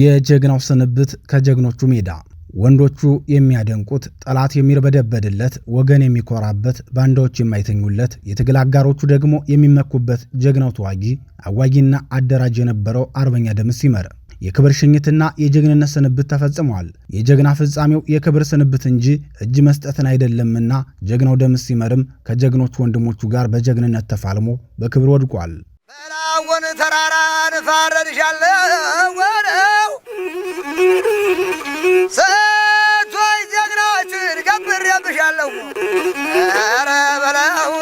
የጀግናው ስንብት ከጀግኖቹ ሜዳ ወንዶቹ የሚያደንቁት ጠላት የሚርበደበድለት ወገን የሚኮራበት ባንዳዎች የማይተኙለት የትግል አጋሮቹ ደግሞ የሚመኩበት ጀግናው ተዋጊ አዋጊና አደራጅ የነበረው አርበኛ ደምስ ይመር የክብር ሽኝትና የጀግንነት ስንብት ተፈጽመዋል። የጀግና ፍጻሜው የክብር ስንብት እንጂ እጅ መስጠትን አይደለምና ጀግናው ደምስ ይመርም ከጀግኖች ወንድሞቹ ጋር በጀግንነት ተፋልሞ በክብር ወድቋል። ተራራን ፋረድሻለሁ ወረው ሰቶይ ጀግናችን ገብሬብሻለሁ ኧረ በለው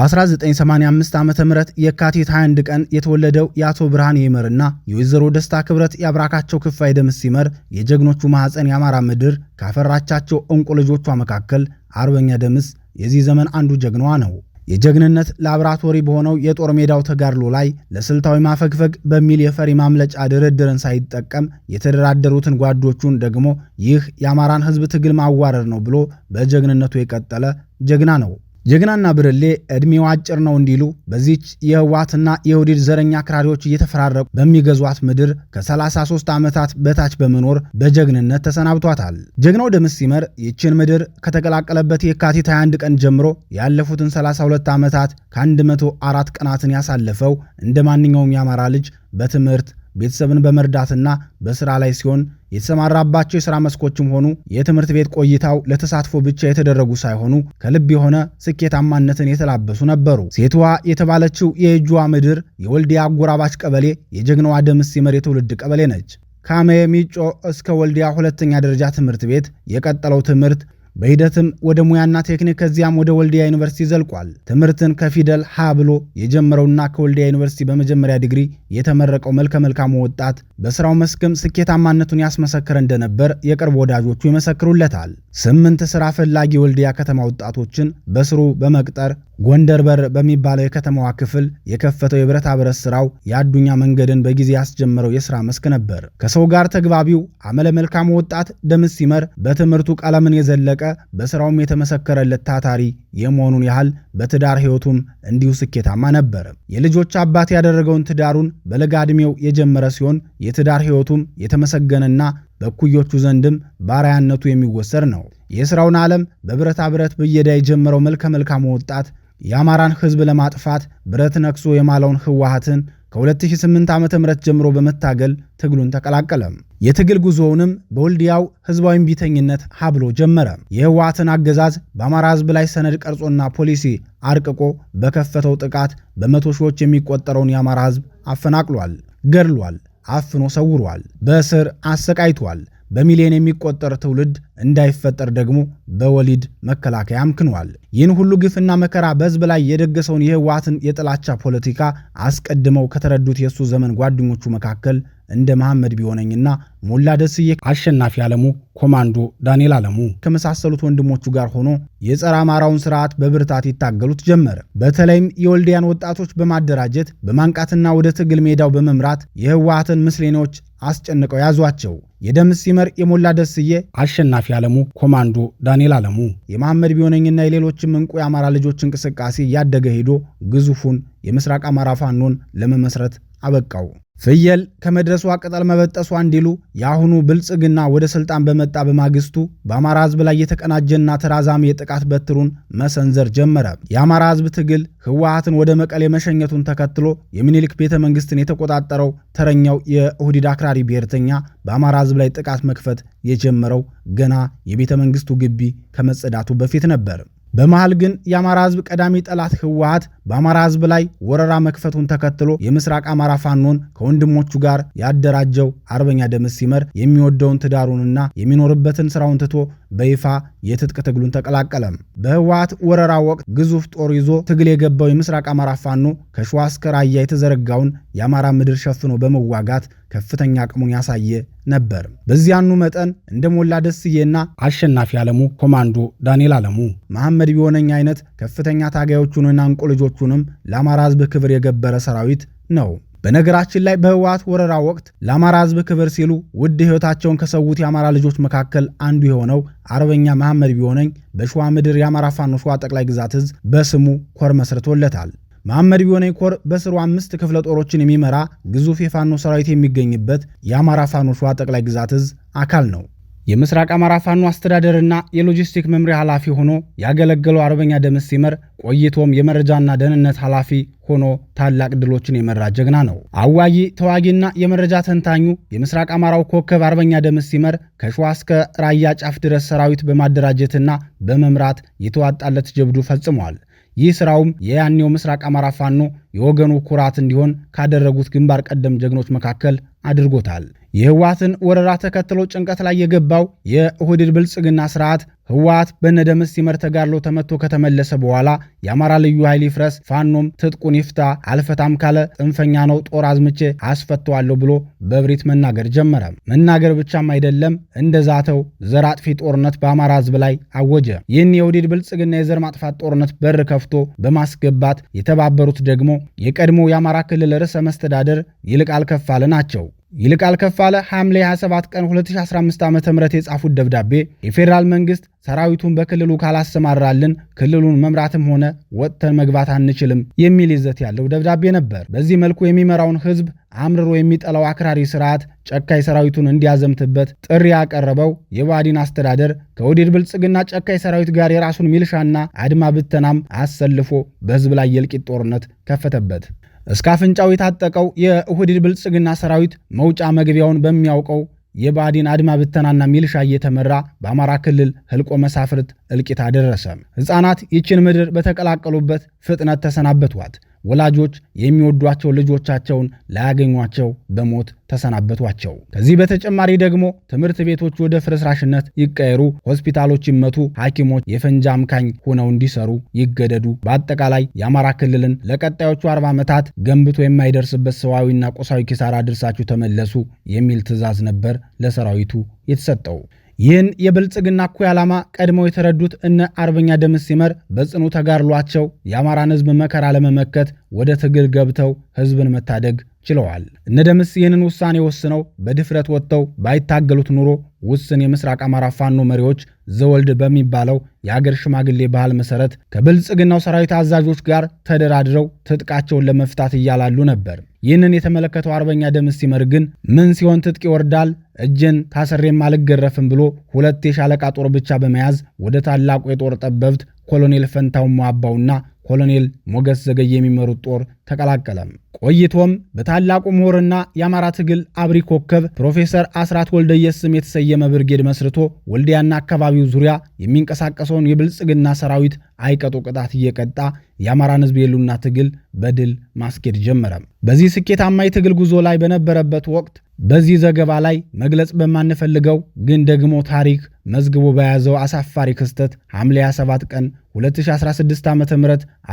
በ1985 ዓ ም የካቲት 21 ቀን የተወለደው የአቶ ብርሃን ይመርና የወይዘሮ ደስታ ክብረት የአብራካቸው ክፋይ ደምስ ሲመር የጀግኖቹ ማኅፀን የአማራ ምድር ካፈራቻቸው እንቁ ልጆቿ መካከል አርበኛ ደምስ የዚህ ዘመን አንዱ ጀግናዋ ነው። የጀግንነት ላብራቶሪ በሆነው የጦር ሜዳው ተጋድሎ ላይ ለስልታዊ ማፈግፈግ በሚል የፈሪ ማምለጫ ድርድርን ሳይጠቀም የተደራደሩትን ጓዶቹን ደግሞ ይህ የአማራን ሕዝብ ትግል ማዋረድ ነው ብሎ በጀግንነቱ የቀጠለ ጀግና ነው። ጀግናና ብርሌ ዕድሜው አጭር ነው እንዲሉ በዚች የህወሓትና የውዲድ ዘረኛ አክራሪዎች እየተፈራረቁ በሚገዟት ምድር ከ33 ዓመታት በታች በመኖር በጀግንነት ተሰናብቷታል። ጀግናው ደምስ ሲመር ይችን ምድር ከተቀላቀለበት የካቲት 21 ቀን ጀምሮ ያለፉትን 32 ዓመታት ከ104 ቀናትን ያሳለፈው እንደ ማንኛውም የአማራ ልጅ በትምህርት ቤተሰብን በመርዳትና በስራ ላይ ሲሆን የተሰማራባቸው የስራ መስኮችም ሆኑ የትምህርት ቤት ቆይታው ለተሳትፎ ብቻ የተደረጉ ሳይሆኑ ከልብ የሆነ ስኬታማነትን የተላበሱ ነበሩ። ሴትዋ የተባለችው የእጇ ምድር የወልዲያ አጎራባች ቀበሌ የጀግናዋ ደምስ የመሬት ትውልድ ቀበሌ ነች። ካሜ ሚጮ እስከ ወልዲያ ሁለተኛ ደረጃ ትምህርት ቤት የቀጠለው ትምህርት በሂደትም ወደ ሙያና ቴክኒክ ከዚያም ወደ ወልዲያ ዩኒቨርሲቲ ዘልቋል። ትምህርትን ከፊደል ሀ ብሎ የጀመረውና ከወልዲያ ዩኒቨርሲቲ በመጀመሪያ ዲግሪ የተመረቀው መልከ መልካሙ ወጣት በስራው መስክም ስኬታማነቱን ያስመሰከረ እንደነበር የቅርብ ወዳጆቹ ይመሰክሩለታል። ስምንት ስራ ፈላጊ ወልዲያ ከተማ ወጣቶችን በስሩ በመቅጠር ጎንደር በር በሚባለው የከተማዋ ክፍል የከፈተው የብረታ ብረት ስራው የአዱኛ መንገድን በጊዜ ያስጀመረው የስራ መስክ ነበር። ከሰው ጋር ተግባቢው አመለ መልካሙ ወጣት ደምስ ሲመር በትምህርቱ ቀለምን የዘለቀ በስራውም የተመሰከረለት ታታሪ የመሆኑን ያህል በትዳር ህይወቱም እንዲሁ ስኬታማ ነበር። የልጆች አባት ያደረገውን ትዳሩን በለጋ ዕድሜው የጀመረ ሲሆን የትዳር ህይወቱም የተመሰገነና በኩዮቹ ዘንድም ባርያነቱ የሚወሰድ ነው። የስራውን ዓለም በብረታ ብረት ብየዳ የጀመረው መልከ መልካሙ ወጣት የአማራን ሕዝብ ለማጥፋት ብረት ነክሶ የማለውን ህወሓትን ከ2008 ዓ ም ጀምሮ በመታገል ትግሉን ተቀላቀለ። የትግል ጉዞውንም በወልዲያው ህዝባዊ እምቢተኝነት ሀብሎ ጀመረ። የህወሓትን አገዛዝ በአማራ ህዝብ ላይ ሰነድ ቀርጾና ፖሊሲ አርቅቆ በከፈተው ጥቃት በመቶ ሺዎች የሚቆጠረውን የአማራ ህዝብ አፈናቅሏል፣ ገድሏል፣ አፍኖ ሰውሯል፣ በእስር አሰቃይቷል። በሚሊዮን የሚቆጠር ትውልድ እንዳይፈጠር ደግሞ በወሊድ መከላከያ አምክኗል። ይህን ሁሉ ግፍና መከራ በህዝብ ላይ የደገሰውን የህወሓትን የጥላቻ ፖለቲካ አስቀድመው ከተረዱት የእሱ ዘመን ጓደኞቹ መካከል እንደ መሐመድ ቢሆነኝና ሞላ ደስዬ፣ አሸናፊ አለሙ፣ ኮማንዶ ዳንኤል አለሙ ከመሳሰሉት ወንድሞቹ ጋር ሆኖ የጸረ አማራውን ስርዓት በብርታት ይታገሉት ጀመር። በተለይም የወልዲያን ወጣቶች በማደራጀት በማንቃትና ወደ ትግል ሜዳው በመምራት የህወሓትን ምስሌኖች አስጨንቀው ያዟቸው። የደም ሲመር፣ የሞላ ደስዬ፣ አሸናፊ አለሙ፣ ኮማንዶ ዳንኤል አለሙ፣ የመሐመድ ቢሆነኝና የሌሎችም እንቁ የአማራ ልጆች እንቅስቃሴ እያደገ ሄዶ ግዙፉን የምስራቅ አማራ ፋኖን ለመመስረት አበቃው። ፍየል ከመድረሷ ቅጠል መበጠሷ እንዲሉ የአሁኑ ብልጽግና ወደ ስልጣን በመጣ በማግስቱ በአማራ ህዝብ ላይ የተቀናጀና ተራዛሚ የጥቃት በትሩን መሰንዘር ጀመረ። የአማራ ህዝብ ትግል ህወሀትን ወደ መቀሌ መሸኘቱን ተከትሎ የሚኒሊክ ቤተ መንግስትን የተቆጣጠረው ተረኛው የኦህዴድ አክራሪ ብሔርተኛ በአማራ ህዝብ ላይ ጥቃት መክፈት የጀመረው ገና የቤተ መንግስቱ ግቢ ከመጸዳቱ በፊት ነበር። በመሃል ግን የአማራ ህዝብ ቀዳሚ ጠላት ህወሀት በአማራ ህዝብ ላይ ወረራ መክፈቱን ተከትሎ የምስራቅ አማራ ፋኖን ከወንድሞቹ ጋር ያደራጀው አርበኛ ደምስ ሲመር የሚወደውን ትዳሩንና የሚኖርበትን ስራውን ትቶ በይፋ የትጥቅ ትግሉን ተቀላቀለም። በህወሀት ወረራ ወቅት ግዙፍ ጦር ይዞ ትግል የገባው የምስራቅ አማራ ፋኖ ከሸዋ እስከ ራያ የተዘረጋውን የአማራ ምድር ሸፍኖ በመዋጋት ከፍተኛ አቅሙን ያሳየ ነበር። በዚያኑ መጠን እንደ ሞላ ደስዬና አሸናፊ አለሙ ኮማንዶ ዳንኤል አለሙ መሐመድ ቢሆነኝ አይነት ከፍተኛ ታጋዮቹንና እንቁ ልጆቹንም ለአማራ ሕዝብ ክብር የገበረ ሰራዊት ነው። በነገራችን ላይ በህወሓት ወረራ ወቅት ለአማራ ሕዝብ ክብር ሲሉ ውድ ሕይወታቸውን ከሰዉት የአማራ ልጆች መካከል አንዱ የሆነው አርበኛ መሐመድ ቢሆነኝ በሸዋ ምድር የአማራ ፋኖ ሸዋ ጠቅላይ ግዛት እዝ በስሙ ኮር መስርቶለታል። መሐመድ ቢሆነኝ ኮር በስሩ አምስት ክፍለ ጦሮችን የሚመራ ግዙፍ የፋኖ ሰራዊት የሚገኝበት የአማራ ፋኖ ሸዋ ጠቅላይ ግዛት እዝ አካል ነው። የምስራቅ አማራ ፋኖ አስተዳደርና የሎጂስቲክ መምሪያ ኃላፊ ሆኖ ያገለገለው አርበኛ ደምስ ሲመር ቆይቶም የመረጃና ደህንነት ኃላፊ ሆኖ ታላቅ ድሎችን የመራ ጀግና ነው። አዋጊ ተዋጊና የመረጃ ተንታኙ የምስራቅ አማራው ኮከብ አርበኛ ደምስ ሲመር ከሸዋ እስከ ራያ ጫፍ ድረስ ሰራዊት በማደራጀትና በመምራት የተዋጣለት ጀብዱ ፈጽሟል። ይህ ስራውም የያኔው ምስራቅ አማራ ፋኖ የወገኑ ኩራት እንዲሆን ካደረጉት ግንባር ቀደም ጀግኖች መካከል አድርጎታል። የህወሓትን ወረራ ተከትሎ ጭንቀት ላይ የገባው የእሁድድ ብልጽግና ስርዓት ህወሓት በነደምስ ሲመር ተጋድሎ ተመቶ ከተመለሰ በኋላ የአማራ ልዩ ኃይል ይፍረስ፣ ፋኖም ትጥቁን ይፍታ፣ አልፈታም ካለ ጽንፈኛ ነው፣ ጦር አዝምቼ አስፈተዋለሁ ብሎ በብሪት መናገር ጀመረ። መናገር ብቻም አይደለም፣ እንደ ዛተው ዘር አጥፊ ጦርነት በአማራ ህዝብ ላይ አወጀ። ይህን የውዲድ ብልጽግና የዘር ማጥፋት ጦርነት በር ከፍቶ በማስገባት የተባበሩት ደግሞ የቀድሞ የአማራ ክልል ርዕሰ መስተዳደር ይልቃል ከፋለ ናቸው። ይልቃል ከፋለ ሐምሌ 27 ቀን 2015 ዓ ም የጻፉት ደብዳቤ የፌዴራል መንግሥት ሰራዊቱን በክልሉ ካላሰማራልን ክልሉን መምራትም ሆነ ወጥተን መግባት አንችልም የሚል ይዘት ያለው ደብዳቤ ነበር። በዚህ መልኩ የሚመራውን ሕዝብ አምርሮ የሚጠላው አክራሪ ስርዓት ጨካይ ሰራዊቱን እንዲያዘምትበት ጥሪ ያቀረበው የባዲን አስተዳደር ከወዲድ ብልጽግና ጨካይ ሰራዊት ጋር የራሱን ሚልሻና አድማ ብተናም አሰልፎ በህዝብ ላይ የልቂት ጦርነት ከፈተበት። እስከ አፍንጫው የታጠቀው የውህድድ ብልጽግና ሰራዊት መውጫ መግቢያውን በሚያውቀው የባዲን አድማ ብተናና ሚልሻ እየተመራ በአማራ ክልል ህልቆ መሳፍርት እልቂት አደረሰ። ሕፃናት ይችን ምድር በተቀላቀሉበት ፍጥነት ተሰናበቷት። ወላጆች የሚወዷቸው ልጆቻቸውን ላያገኟቸው በሞት ተሰናበቷቸው። ከዚህ በተጨማሪ ደግሞ ትምህርት ቤቶች ወደ ፍርስራሽነት ይቀየሩ፣ ሆስፒታሎች ይመቱ፣ ሐኪሞች የፈንጂ አምካኝ ሆነው እንዲሰሩ ይገደዱ። በአጠቃላይ የአማራ ክልልን ለቀጣዮቹ አርባ ዓመታት ገንብቶ የማይደርስበት ሰዋዊና ቁሳዊ ኪሳራ አድርሳችሁ ተመለሱ የሚል ትዕዛዝ ነበር ለሰራዊቱ የተሰጠው። ይህን የብልጽግና እኩይ ዓላማ ቀድመው የተረዱት እነ አርበኛ ደምስ ሲመር በጽኑ ተጋድሏቸው የአማራን ሕዝብ መከራ ለመመከት ወደ ትግል ገብተው ሕዝብን መታደግ ችለዋል። እነ ደምስ ይህንን ውሳኔ ወስነው በድፍረት ወጥተው ባይታገሉት ኑሮ ውስን የምስራቅ አማራ ፋኖ መሪዎች ዘወልድ በሚባለው የአገር ሽማግሌ ባህል መሰረት ከብልጽግናው ሰራዊት አዛዦች ጋር ተደራድረው ትጥቃቸውን ለመፍታት እያላሉ ነበር። ይህንን የተመለከተው አርበኛ ደምስ ሲመር ግን ምን ሲሆን ትጥቅ ይወርዳል፣ እጄን ታሰሬም አልገረፍም ብሎ ሁለት የሻለቃ ጦር ብቻ በመያዝ ወደ ታላቁ የጦር ጠበብት ኮሎኔል ፈንታው ሟባውና ኮሎኔል ሞገስ ዘገየ የሚመሩት ጦር ተቀላቀለም። ቆይቶም በታላቁ ምሁርና የአማራ ትግል አብሪ ኮከብ ፕሮፌሰር አስራት ወልደየስ ስም የተሰየመ ብርጌድ መስርቶ ወልዲያና አካባቢው ዙሪያ የሚንቀሳቀሰውን የብልጽግና ሰራዊት አይቀጡ ቅጣት እየቀጣ የአማራን ሕዝብ የሉና ትግል በድል ማስኬድ ጀመረ። በዚህ ስኬታማ የትግል ጉዞ ላይ በነበረበት ወቅት በዚህ ዘገባ ላይ መግለጽ በማንፈልገው ግን ደግሞ ታሪክ መዝግቦ በያዘው አሳፋሪ ክስተት ሐምሌ 27 ቀን 2016 ዓ ም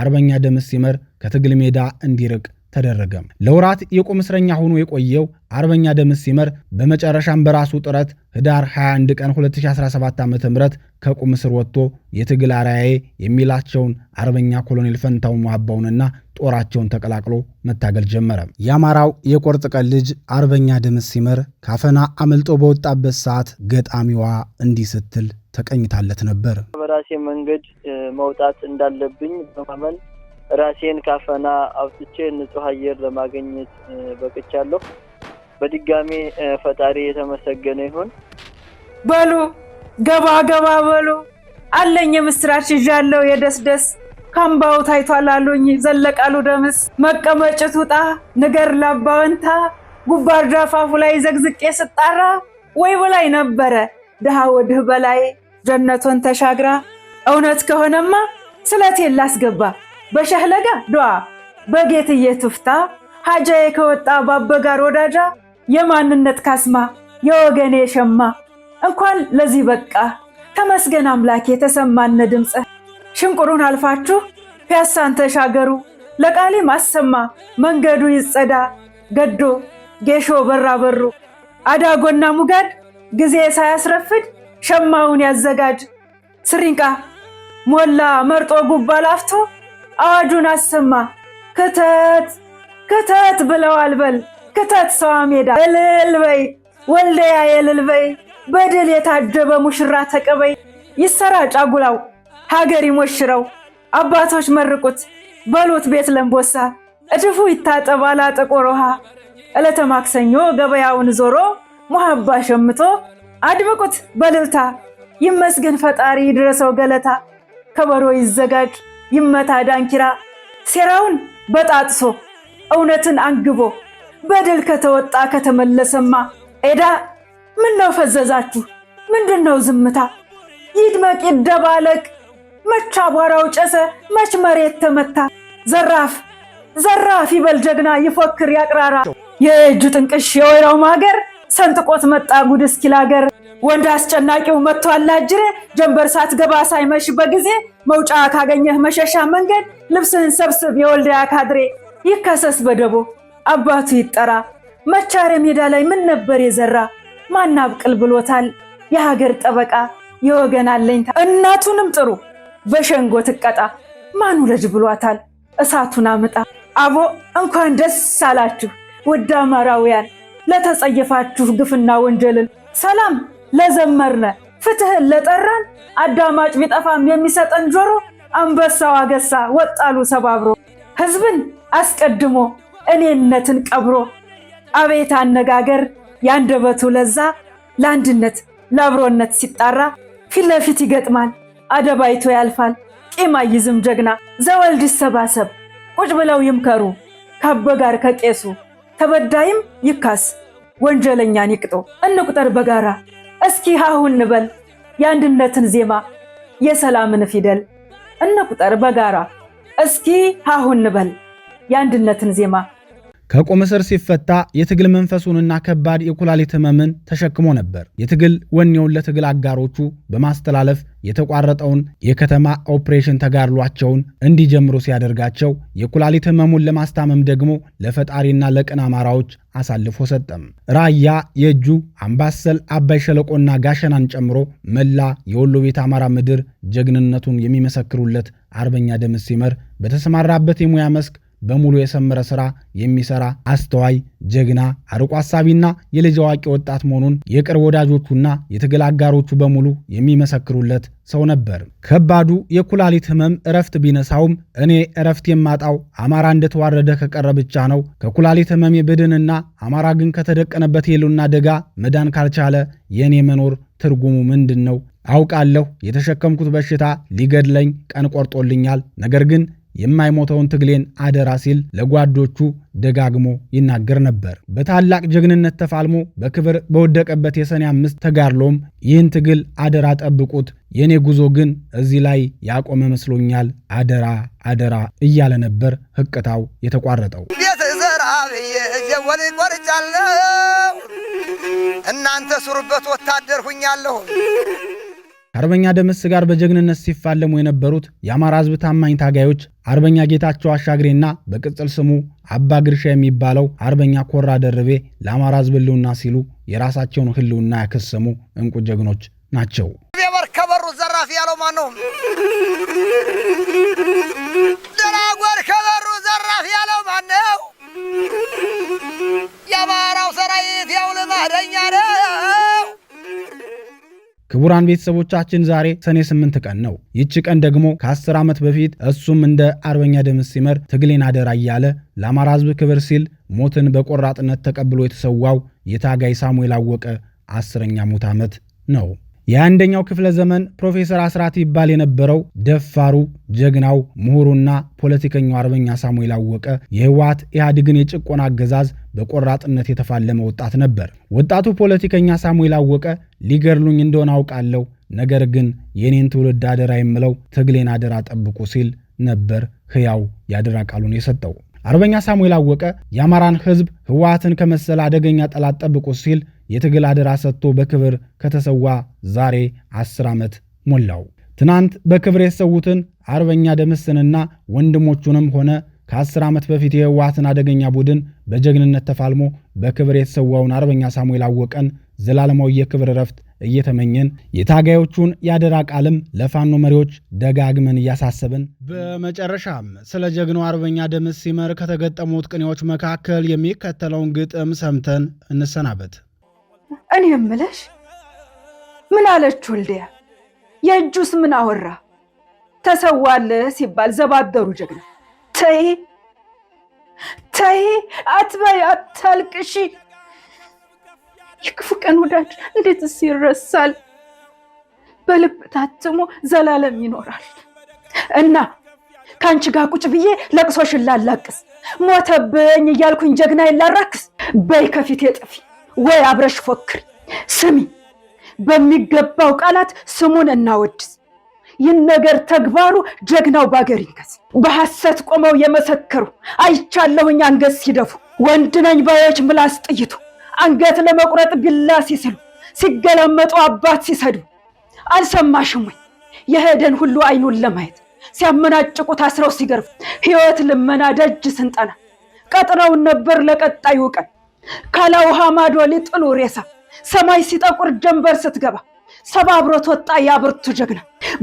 አርበኛ ደምስ ሲመር ከትግል ሜዳ እንዲርቅ ተደረገም ለወራት የቁም እስረኛ ሆኖ የቆየው አርበኛ ደምስ ሲመር በመጨረሻም በራሱ ጥረት ህዳር 21 ቀን 2017 ዓ ም ከቁም እስር ወጥቶ የትግል አርያዬ የሚላቸውን አርበኛ ኮሎኔል ፈንታው ሟባውንና ጦራቸውን ተቀላቅሎ መታገል ጀመረ። የአማራው የቆርጥ ቀን ልጅ አርበኛ ደምስ ሲመር ካፈና አመልጦ በወጣበት ሰዓት ገጣሚዋ እንዲህ ስትል ተቀኝታለት ነበር። በራሴ መንገድ መውጣት እንዳለብኝ በማመን ራሴን ካፈና አውጥቼ ንጹህ አየር ለማግኘት በቅቻለሁ። በድጋሜ ፈጣሪ የተመሰገነ ይሁን። በሉ ገባ ገባ በሉ አለኝ የምስራች ይዣለሁ የደስ ደስ ካምባው ታይቷል አሉኝ ዘለቃሉ ደምስ መቀመጭት ውጣ ንገር ላባወንታ ጉባር ዳፋፉ ላይ ዘግዝቄ ስጣራ ወይ በላይ ነበረ ድሃ ወድህ በላይ ጀነቶን ተሻግራ እውነት ከሆነማ ስለቴን ላስገባ በሸህለጋ ዷ በጌትዬ ቱፍታ! ሀጃዬ ከወጣ ባበጋር ወዳጃ የማንነት ካስማ የወገኔ ሸማ እንኳን ለዚህ በቃ ተመስገን አምላክ የተሰማነ ድምፅ ሽንቁሩን አልፋችሁ ፒያሳን ተሻገሩ ለቃሊ ማሰማ መንገዱ ይጸዳ ገዶ ጌሾ በራ በሩ አዳጎና ሙጋድ ጊዜ ሳያስረፍድ ሸማውን ያዘጋጅ ስሪንቃ ሞላ መርጦ ጉባ ላፍቶ አዋጁን አሰማ። ክተት ክተት ብለዋል። በል ክተት ሰዋ ሜዳ እልል በይ ወልደያ የልል በይ በድል የታጀበ ሙሽራ ተቀበይ። ይሰራጭ አጉላው ሀገር ይሞሽረው አባቶች መርቁት በሉት ቤት ለምቦሳ እድፉ ይታጠባላ ጥቁር ውሃ እለተ ማክሰኞ ገበያውን ዞሮ ሙሃባ ሸምቶ አድምቁት በልልታ ይመስገን ፈጣሪ ድረሰው ገለታ ከበሮ ይዘጋጅ ይመታ ዳንኪራ ሴራውን በጣጥሶ እውነትን አንግቦ በድል ከተወጣ ከተመለሰማ ኤዳ ምን ነው ፈዘዛችሁ? ምንድን ነው ዝምታ? ይድመቅ ይደባለቅ መች አቧራው ጨሰ መች መሬት ተመታ። ዘራፍ ዘራፍ ይበል ጀግና ይፎክር ያቅራራ የእጁ ጥንቅሽ የወይራው ማገር ሰንጥቆት መጣ ጉድ እስኪል አገር ወንድ አስጨናቂው መጥቶ አላጅረ ጀንበር ሳትገባ ሳይመሽ በጊዜ መውጫ ካገኘህ መሸሻ መንገድ ልብስህን ሰብስብ የወልዲያ ካድሬ ይከሰስ በደቦ አባቱ ይጠራ መቻረ ሜዳ ላይ ምን ነበር የዘራ አብቅል ብሎታል የሀገር ጠበቃ የወገን አለኝታ እናቱንም ጥሩ በሸንጎ ትቀጣ ማኑ ልጅ ብሏታል እሳቱን አምጣ አቦ እንኳን ደስ አላችሁ ውድ አማራውያን ለተጸየፋችሁ ግፍና ወንጀልን ሰላም ለዘመርነ ፍትህን ለጠራን አዳማጭ ቢጠፋም የሚሰጠን ጆሮ አንበሳው አገሳ ወጣሉ ሰባብሮ ህዝብን አስቀድሞ እኔነትን ቀብሮ አቤት አነጋገር ያንደበቱ ለዛ ለአንድነት ለአብሮነት ሲጣራ ፊት ለፊት ይገጥማል አደባይቶ ያልፋል ቂም አይዝም ጀግና ዘወልድ ይሰባሰብ ቁጭ ብለው ይምከሩ ካበ ጋር ከቄሱ ተበዳይም ይካስ ወንጀለኛን ይቅጦ እንቁጠር በጋራ እስኪ ሀሁን እንበል የአንድነትን ዜማ የሰላምን ፊደል እንቁጠር በጋራ እስኪ ሀሁን እንበል የአንድነትን ዜማ ከቁም እስር ሲፈታ የትግል መንፈሱንና ከባድ የኩላሊት ህመምን ተሸክሞ ነበር። የትግል ወኔውን ለትግል አጋሮቹ በማስተላለፍ የተቋረጠውን የከተማ ኦፕሬሽን ተጋድሏቸውን እንዲጀምሩ ሲያደርጋቸው፣ የኩላሊት ህመሙን ለማስታመም ደግሞ ለፈጣሪና ለቅን አማራዎች አሳልፎ ሰጠም። ራያ፣ የእጁ አምባሰል፣ አባይ ሸለቆና ጋሸናን ጨምሮ መላ የወሎ ቤት አማራ ምድር ጀግንነቱን የሚመሰክሩለት አርበኛ ደምስ ሲመር በተሰማራበት የሙያ መስክ በሙሉ የሰመረ ስራ የሚሰራ አስተዋይ፣ ጀግና፣ አርቆ አሳቢና የልጅ አዋቂ ወጣት መሆኑን የቅርብ ወዳጆቹና የትግል አጋሮቹ በሙሉ የሚመሰክሩለት ሰው ነበር። ከባዱ የኩላሊት ህመም እረፍት ቢነሳውም እኔ እረፍት የማጣው አማራ እንደተዋረደ ከቀረ ብቻ ነው፣ ከኩላሊት ህመም ብድንና አማራ ግን ከተደቀነበት የሉና ደጋ መዳን ካልቻለ የእኔ መኖር ትርጉሙ ምንድን ነው? አውቃለሁ የተሸከምኩት በሽታ ሊገድለኝ ቀን ቆርጦልኛል። ነገር ግን የማይሞተውን ትግሌን አደራ ሲል ለጓዶቹ ደጋግሞ ይናገር ነበር። በታላቅ ጀግንነት ተፋልሞ በክብር በወደቀበት የሰኔ አምስት ተጋድሎም ይህን ትግል አደራ ጠብቁት፣ የእኔ ጉዞ ግን እዚህ ላይ ያቆመ መስሎኛል፣ አደራ አደራ እያለ ነበር ህቅታው የተቋረጠው። እናንተ ስሩበት ወታደር ሁኛለሁ ከአርበኛ ደምስ ጋር በጀግንነት ሲፋለሙ የነበሩት የአማራ ህዝብ ታማኝ ታጋዮች አርበኛ ጌታቸው አሻግሬና በቅጽል ስሙ አባ ግርሻ የሚባለው አርበኛ ኮራ ደርቤ ለአማራ ህዝብ ህልውና ሲሉ የራሳቸውን ህልውና ያከሰሙ እንቁ ጀግኖች ናቸው። ከበሩ ዘራፊ ያለው ማን ነው? ደራጎር ከበሩ ዘራፊ ያለው ማን ነው? የአማራው ሰራዊት ያውል ማህደኛ ነው። ክቡራን ቤተሰቦቻችን ዛሬ ሰኔ 8 ቀን ነው። ይቺ ቀን ደግሞ ከ10 ዓመት በፊት እሱም እንደ አርበኛ ደምስ ሲመር ትግሌን አደራ እያለ ለአማራ ሕዝብ ክብር ሲል ሞትን በቆራጥነት ተቀብሎ የተሰዋው የታጋይ ሳሙኤል አወቀ አስረኛ ሞት ዓመት ነው። የአንደኛው ክፍለ ዘመን ፕሮፌሰር አስራት ይባል የነበረው ደፋሩ ጀግናው ምሁሩና ፖለቲከኛው አርበኛ ሳሙኤል አወቀ የህወሓት ኢህአዴግን የጭቆና አገዛዝ በቆራጥነት የተፋለመ ወጣት ነበር። ወጣቱ ፖለቲከኛ ሳሙኤል አወቀ ሊገድሉኝ እንደሆነ አውቃለሁ፣ ነገር ግን የኔን ትውልድ አደራ የምለው ትግሌን አደራ ጠብቁ ሲል ነበር ሕያው የአደራ ቃሉን የሰጠው። አርበኛ ሳሙኤል አወቀ የአማራን ሕዝብ ህወሓትን ከመሰለ አደገኛ ጠላት ጠብቁ ሲል የትግል አደራ ሰጥቶ በክብር ከተሰዋ ዛሬ አስር ዓመት ሞላው። ትናንት በክብር የተሰዉትን አርበኛ ደምስንና ወንድሞቹንም ሆነ ከአስር ዓመት በፊት የህወሓትን አደገኛ ቡድን በጀግንነት ተፋልሞ በክብር የተሰዋውን አርበኛ ሳሙኤል አወቀን ዘላለማዊ የክብር እረፍት እየተመኘን የታጋዮቹን የአደራ ቃልም ለፋኖ መሪዎች ደጋግመን እያሳሰብን በመጨረሻም ስለ ጀግናው አርበኛ ደምስ ሲመር ከተገጠሙት ቅኔዎች መካከል የሚከተለውን ግጥም ሰምተን እንሰናበት። እኔ የምልሽ ምን አለች ወልዲያ የእጁስ ምን አወራ ተሰዋለ ሲባል ዘባደሩ ጀግና ተይ ተይ አትበይ አታልቅሺ የክፉ ቀን ወዳጅ እንዴትስ ይረሳል? በልብ ታትሞ ዘላለም ይኖራል እና ከአንቺ ጋር ቁጭ ብዬ ለቅሶሽን ላላቅስ ሞተብኝ እያልኩኝ ጀግና ይላራክስ በይ ከፊቴ ጥፊ ወይ አብረሽ ፎክሪ። ስሚ በሚገባው ቃላት ስሙን እናወድስ ነገር ተግባሩ ጀግናው ባገር ይንገስ። በሐሰት ቆመው የመሰከሩ አይቻለሁኝ አንገስ ሲደፉ ወንድ ባዮች ምላስ ጥይቱ አንገት ለመቁረጥ ቢላ ሲስሉ ሲገላመጡ አባት ሲሰዱ አልሰማሽም ወይ? የሄደን ሁሉ አይኑን ለማየት ሲያመናጭቁ ታስረው ሲገርፉ ህይወት ልመና ደጅ ስንጠና ቀጥረውን ነበር ለቀጣዩ ቀን ካላውሃ ማዶ ሊጥሉ ሬሳ ሰማይ ሲጠቁር ጀንበር ስትገባ ሰባብሮት ወጣ ያብርቱ ጀግና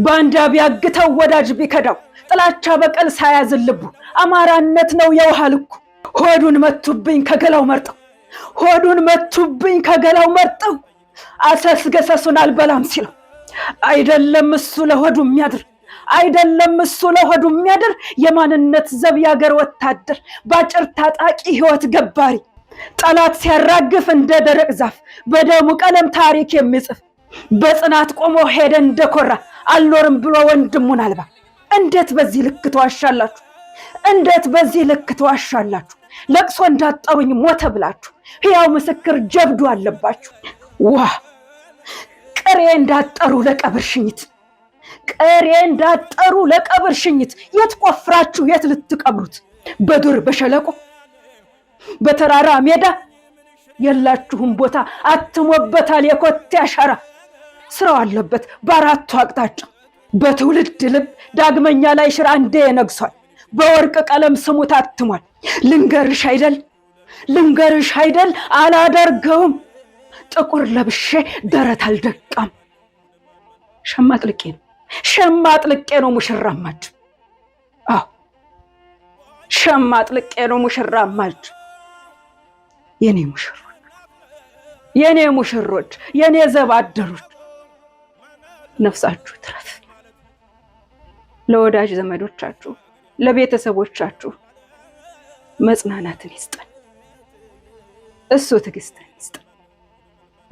ባንዳ ቢያግተው ወዳጅ ቢከዳው ጥላቻ በቀል ሳያዝን ልቡ አማራነት ነው የውሃ ልኩ ሆዱን መቱብኝ ከገላው መርጠው ሆዱን መቱብኝ፣ ከገላው መርጠው አሰስገሰሱን አልበላም ሲለው አይደለም እሱ ለሆዱ የሚያድር አይደለም እሱ ለሆዱ የሚያድር የማንነት ዘብ ያገር ወታደር ባጭር ታጣቂ ህይወት ገባሪ ጠላት ሲያራግፍ እንደ ደረቅ ዛፍ በደሙ ቀለም ታሪክ የሚጽፍ በጽናት ቆሞ ሄደ እንደኮራ አልኖርም ብሎ ወንድሙን አልባ። እንዴት በዚህ ልክ ተዋሻላችሁ? እንዴት በዚህ ልክ ተዋሻላችሁ? ለቅሶ እንዳጠሩኝ ሞተ ብላችሁ ሕያው ምስክር ጀብዱ አለባችሁ። ዋ ቅሬ እንዳጠሩ ለቀብር ሽኝት፣ ቅሬ እንዳጠሩ ለቀብር ሽኝት። የት ቆፍራችሁ የት ልትቀብሩት? በዱር በሸለቆ በተራራ ሜዳ የላችሁም ቦታ። አትሞበታል የኮቴ አሻራ ስራው አለበት በአራቱ አቅጣጫ። በትውልድ ልብ ዳግመኛ ላይ ሽራ እንዴ ነግሷል። በወርቅ ቀለም ስሙ ታትሟል። ልንገርሽ አይደል ልንገርሽ አይደል አላደርገውም። ጥቁር ለብሼ ደረት አልደቃም። ሸማ ጥልቄ ነው ሸማ ጥልቄ ነው ሙሽራማች አዎ ሸማ ጥልቄ ነው ሙሽራማች የኔ ሙሽሮች የኔ ሙሽሮች የኔ ዘባደሮች ነፍሳችሁ ትረፍ። ለወዳጅ ዘመዶቻችሁ ለቤተሰቦቻችሁ መጽናናትን ይስጠን፣ እሱ ትዕግስትን ይስጠን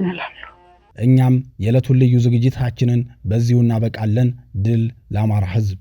እንላለሁ። እኛም የዕለቱን ልዩ ዝግጅታችንን በዚሁ እናበቃለን። ድል ለአማራ ሕዝብ!